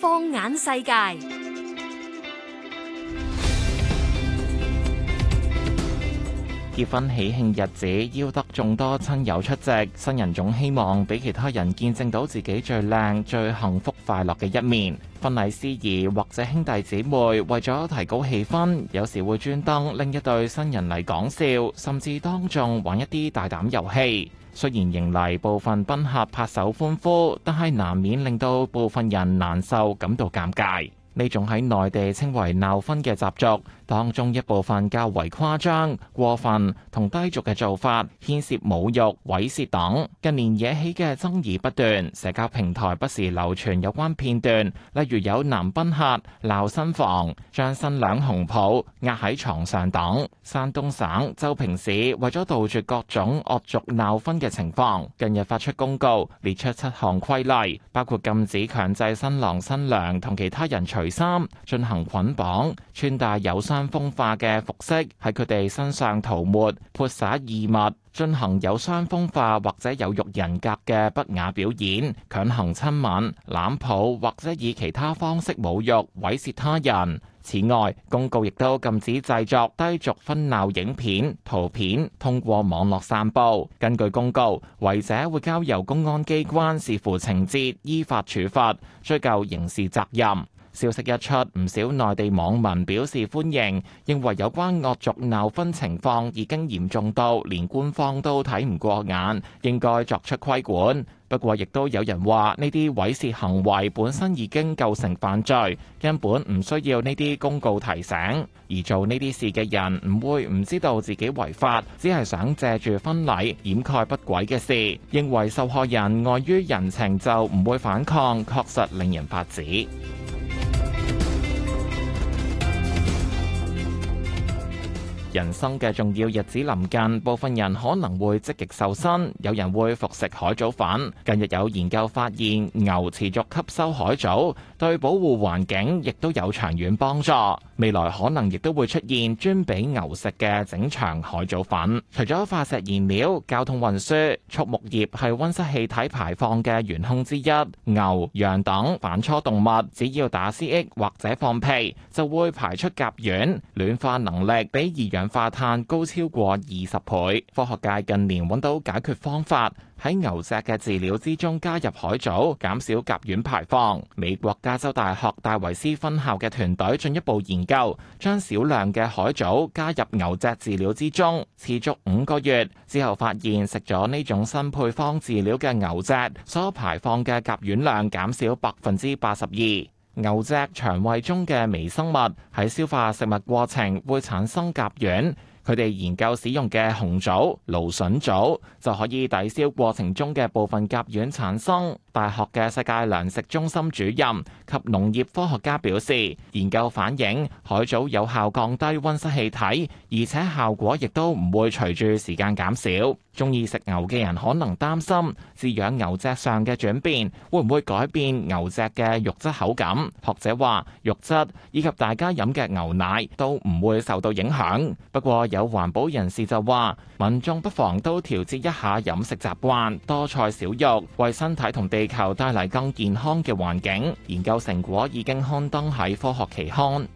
放眼世界。結婚喜慶日子，邀得眾多親友出席，新人總希望畀其他人見證到自己最靚、最幸福快樂嘅一面。婚禮司儀或者兄弟姊妹為咗提高氣氛，有時會專登另一對新人嚟講笑，甚至當眾玩一啲大膽遊戲。雖然迎嚟部分賓客拍手歡呼，但係難免令到部分人難受，感到尷尬。呢種喺內地稱為鬧婚嘅習俗，當中一部分較為誇張、過分同低俗嘅做法，牽涉侮辱、猥褻等，近年惹起嘅爭議不斷。社交平台不時流傳有關片段，例如有男賓客鬧新房，將新娘紅袍壓喺床上等。山東省鄒平市為咗杜絕各種惡俗鬧婚嘅情況，近日發出公告，列出七項規例，包括禁止強制新郎新娘同其他人搶。除衫進行捆綁，穿戴有傷風化嘅服飾，喺佢哋身上塗抹潑灑異物，進行有傷風化或者有辱人格嘅不雅表演，強行親吻、攬抱或者以其他方式侮辱、猥褻他人。此外，公告亦都禁止製作低俗、婚鬧影片、圖片，通過網絡散布。根據公告，違者會交由公安機關視乎情節依法處罰，追究刑事責任。消息一出，唔少內地網民表示歡迎，認為有關惡俗鬧婚情況已經嚴重到連官方都睇唔過眼，應該作出規管。不過，亦都有人話呢啲猥褻行為本身已經構成犯罪，根本唔需要呢啲公告提醒。而做呢啲事嘅人唔會唔知道自己違法，只係想借住婚禮掩蓋不軌嘅事，認為受害人礙於人情就唔會反抗，確實令人發指。人生嘅重要日子臨近，部分人可能會積極瘦身，有人會服食海藻粉。近日有研究發現，牛持續吸收海藻，對保護環境亦都有長遠幫助。未來可能亦都會出現專俾牛食嘅整場海藻粉。除咗化石燃料、交通運輸、畜牧業係溫室氣體排放嘅元兇之一，牛、羊等反芻動物只要打思噎或者放屁，就會排出甲烷，暖化能力比二氧二氧化碳高超過二十倍。科學界近年揾到解決方法，喺牛隻嘅飼料之中加入海藻，減少甲烷排放。美國加州大學戴維斯分校嘅團隊進一步研究，將少量嘅海藻加入牛隻飼料之中，持續五個月之後，發現食咗呢種新配方飼料嘅牛隻，所排放嘅甲烷量減少百分之八十二。牛隻腸胃中嘅微生物喺消化食物過程會產生甲烷，佢哋研究使用嘅紅藻、蘆筍藻就可以抵消過程中嘅部分甲烷產生。大學嘅世界糧食中心主任及農業科學家表示，研究反映海藻有效降低温室氣體，而且效果亦都唔會隨住時間減少。鍾意食牛嘅人可能擔心，飼養牛隻上嘅轉變會唔會改變牛隻嘅肉質口感？學者話，肉質以及大家飲嘅牛奶都唔會受到影響。不過有環保人士就話，民眾不妨都調節一下飲食習慣，多菜少肉，為身體同地地球帶嚟更健康嘅環境，研究成果已經刊登喺科學期刊。